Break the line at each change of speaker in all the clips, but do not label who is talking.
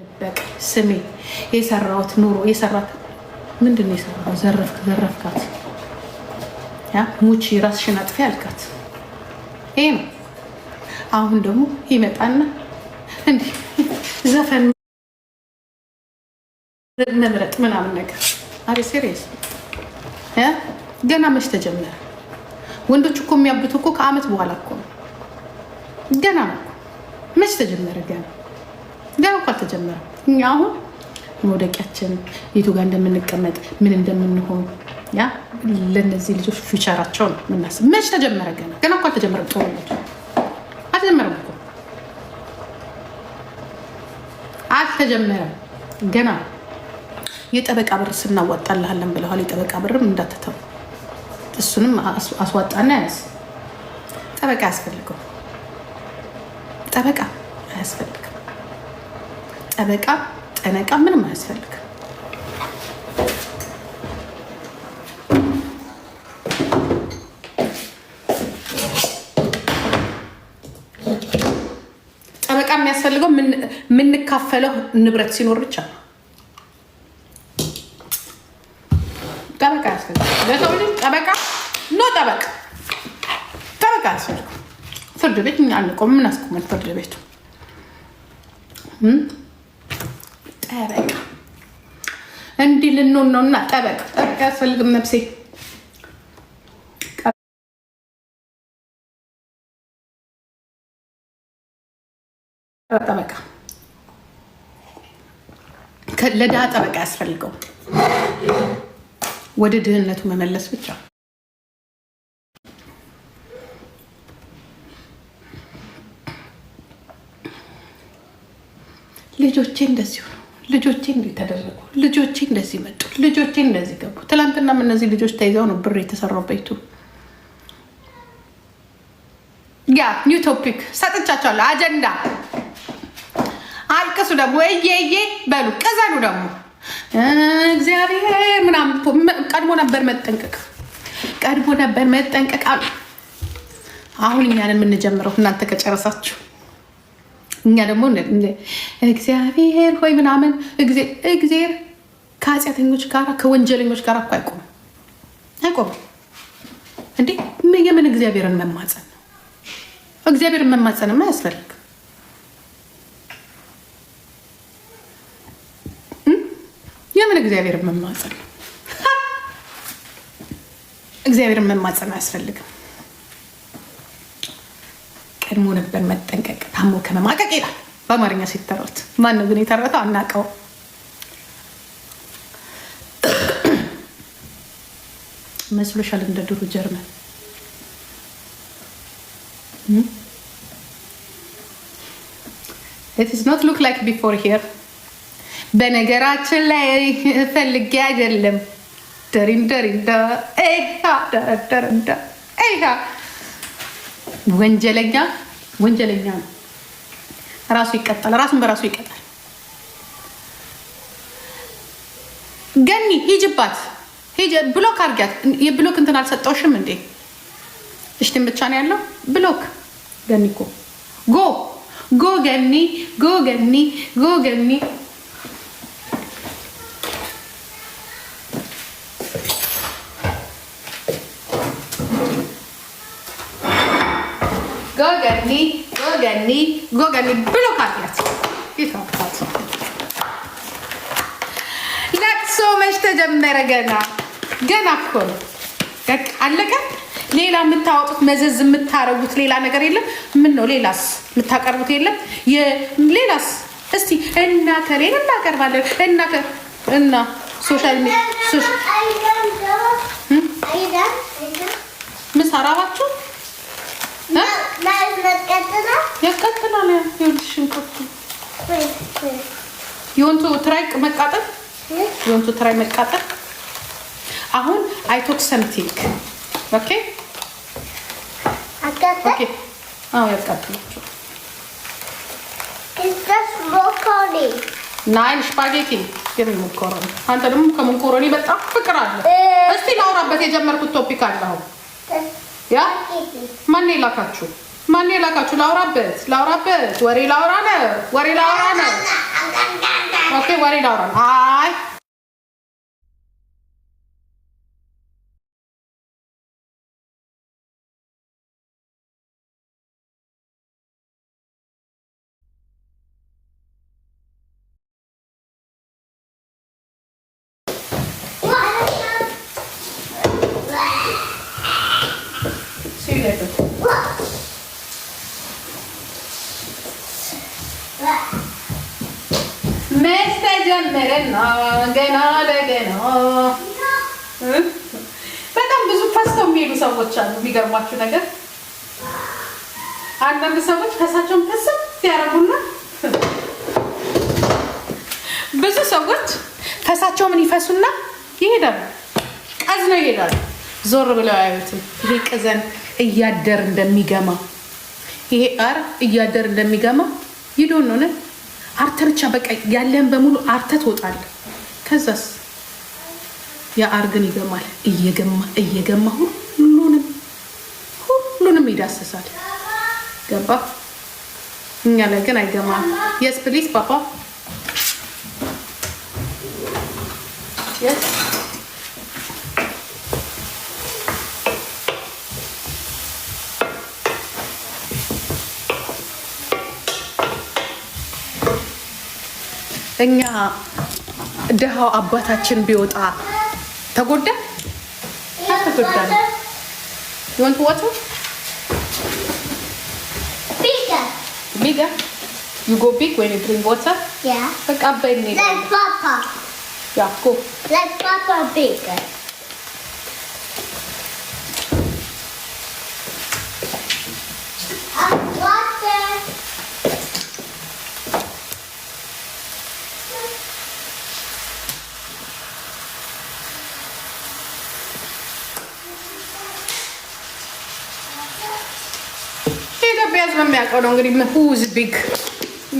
ልበቅ ስሜ የሰራሁት ኑሮ የሰራት ምንድን ነው የሰራው? ዘረፍክ ዘረፍካት፣ ሙቺ ራስሽን አጥፊ አልካት። ይሄ ነው። አሁን ደግሞ ይመጣና እንዲህ ዘፈን መምረጥ ምናምን ነገር። አሪ ሴሪየስ ገና መች ተጀመረ? ወንዶች እኮ የሚያብቱ እኮ ከአመት በኋላ እኮ ነው። ገና መች ተጀመረ? ገና ገና እኮ አልተጀመረም። እኛ አሁን መውደቂያችን የቱ ጋር እንደምንቀመጥ ምን እንደምንሆን ያ ለነዚህ ልጆች ፊቸራቸው ነው ምናስብ። መች ተጀመረ? ገና ገና እኮ አልተጀመረም። ጦርነቱ አልተጀመረም እኮ አልተጀመረም ገና። የጠበቃ ብር ስናዋጣልሃለን ብለዋል። የጠበቃ ብርም እንዳትተው እሱንም አስዋጣና ያዝ። ጠበቃ አያስፈልገው፣ ጠበቃ አያስፈልግ ጠበቃ ጠነቃ ምንም አያስፈልግም። ጠበቃ የሚያስፈልገው የምንካፈለው ንብረት ሲኖር ብቻ ነው። ጠበቃ ያስፈልግ ለሰው ልጅ ጠበቃ ኖ ጠበቅ ጠበቃ ያስፈልግ ፍርድ ቤት እኛ አንቆም። ምን አስቆመን ፍርድ ቤቱ? ጠበቃ እንዲህ ልንሆን ነው እና ጠበቅ ጠበቅ አያስፈልግም ነብሴ ጠበቃ ለድሃ ጠበቃ ያስፈልገው ወደ ድህነቱ መመለስ ብቻ ልጆቼ እንደዚሁ ልጆቼ ተደረጉ ልጆቼ እንደዚህ መጡ፣ ልጆቼ እንደዚህ ገቡ። ትላንትናም እነዚህ ልጆች ተይዘው ነው ብር የተሰራው ቤቱ። ያ ኒው ቶፒክ ሰጥቻቸዋለሁ። አጀንዳ አልቅሱ ደግሞ እየዬ በሉ ቅዘኑ ደግሞ እግዚአብሔር ምናምን ቀድሞ ነበር መጠንቀቅ ቀድሞ ነበር መጠንቀቅ አሁን እኛን የምንጀምረው እናንተ ከጨረሳችሁ እኛ ደግሞ እግዚአብሔር ሆይ ምናምን እግዜር ከኃጢአተኞች ጋር ከወንጀለኞች ጋር እኮ አይቆም አይቆም እንዴ የምን እግዚአብሔርን መማፀን ነው? እግዚአብሔርን መማፀንማ አያስፈልግም። የምን እግዚአብሔርን መማፀን ነው? እግዚአብሔርን መማፀን አያስፈልግም። ቀድሞ ነበር መጠንቀቅ ታሞ ከመማቀቅ ይላል በአማርኛ ሲተረት። ማን ግን የተረተው አናቀው። መስሎሻል እንደ ድሮ ጀርመን ኢትስ ኖት ሉክ ላይክ ቢፎር ሄር። በነገራችን ላይ ፈልጌ አይደለም ደሪን ደሪን ወንጀለኛ ወንጀለኛ ነው። ራሱ ይቀጣል። ራሱን በራሱ ይቀጣል። ገኒ ሂጅባት ብሎክ አርጊያት። የብሎክ እንትን አልሰጠውሽም እንዴ? እሽትን ብቻ ነው ያለው ብሎክ። ገኒ እኮ ጎ ጎ ገኒ ጎ ገኒ ጎ ገኒ ጎገኒ ጎገኒ ጎገኒ ብሎ ካፊያት ይታፋት ለቅሶ መች ተጀመረ? ገና ገና እኮ ነው። አለቀ። ሌላ የምታወጡት መዘዝ የምታረጉት ሌላ ነገር የለም። ምን ነው ሌላስ የምታቀርቡት የለም። ሌላስ እስቲ እና ከሌን እናቀርባለን እና እና ሶሻል ሚዲያ ምን ሰራባችሁ?
ያቃጥላል።
ይኸውልሽ ሽንኩርቱ የወንቱ ትራይ መቃጠል የወንቱ ትራይ መቃጠል። አሁን አይቶክ ሰምቲንግ ኦኬ ኦኬ። ስፓጌቲ ሞኮሮኒ። አንተ ደግሞ ከሞኮሮኒ በጣም ፍቅር አለ። እስቲ ላውራበት የጀመርኩት ቶፒክ አለ አሁን ያ ማን የላካችሁ? ማን የላካችሁ? ላውራበት ላውራበት ወሬ ላውራ ነው ወሬ ላውራ ነው። ኦኬ ወሬ ላውራ አይ കേട്ടോ መስተጀመረ ገና ለገና በጣም ብዙ ፈስተው የሚሄዱ ሰዎች አሉ። የሚገርማችሁ ነገር አንዳንድ ሰዎች ፈሳቸውን ፈሰት ያደርጉና ብዙ ሰዎች ፈሳቸውን ይፈሱና ይሄዳሉ፣ ቀዝነው ይሄዳሉ። ዞር ብለው አያዩትም። ይሄ ቅዘን እያደር እንደሚገማ ይሄ አር እያደር እንደሚገማ ይዶን ሆነ አርተ ብቻ በቃ ያለን በሙሉ አርተ ትወጣለህ። ከዛስ የአር ግን ይገማል። እየገማ እየገማ ሁሉንም ሁሉንም ይዳሰሳል። ገባ እኛ ላይ ግን አይገማም። የስ ፕሊስ ፓፓ እኛ ድሃው አባታችን ቢወጣ ተጎዳ አልተጎዳ ስለሚያውቀው ነው እንግዲህ ሁዝ ቢግ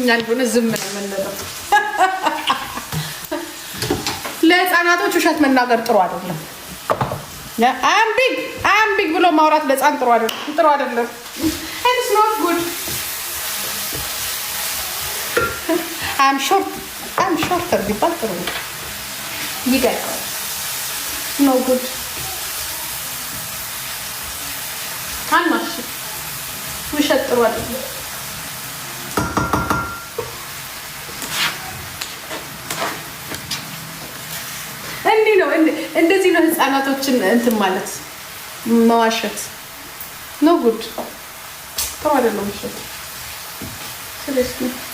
ያልሆነ ዝም ነው የምንለው። ለህፃናቶች ውሸት መናገር ጥሩ አይደለም። አም ቢግ አም ቢግ ብሎ ማውራት ለህፃን ጥሩ አይደለም፣ ጥሩ አይደለም። ኢትስ ኖት ጉድ አም ሾርት አም ቢባል ጥሩ ኖ ጉድ ውሸት ጥሩ አይደለም። እንዲህ ነው እንደዚህ ነው ህፃናቶችን እንትን ማለት መዋሸት ነው። ጉድ ጥሩ አይደለም ውሸት። ስለዚህ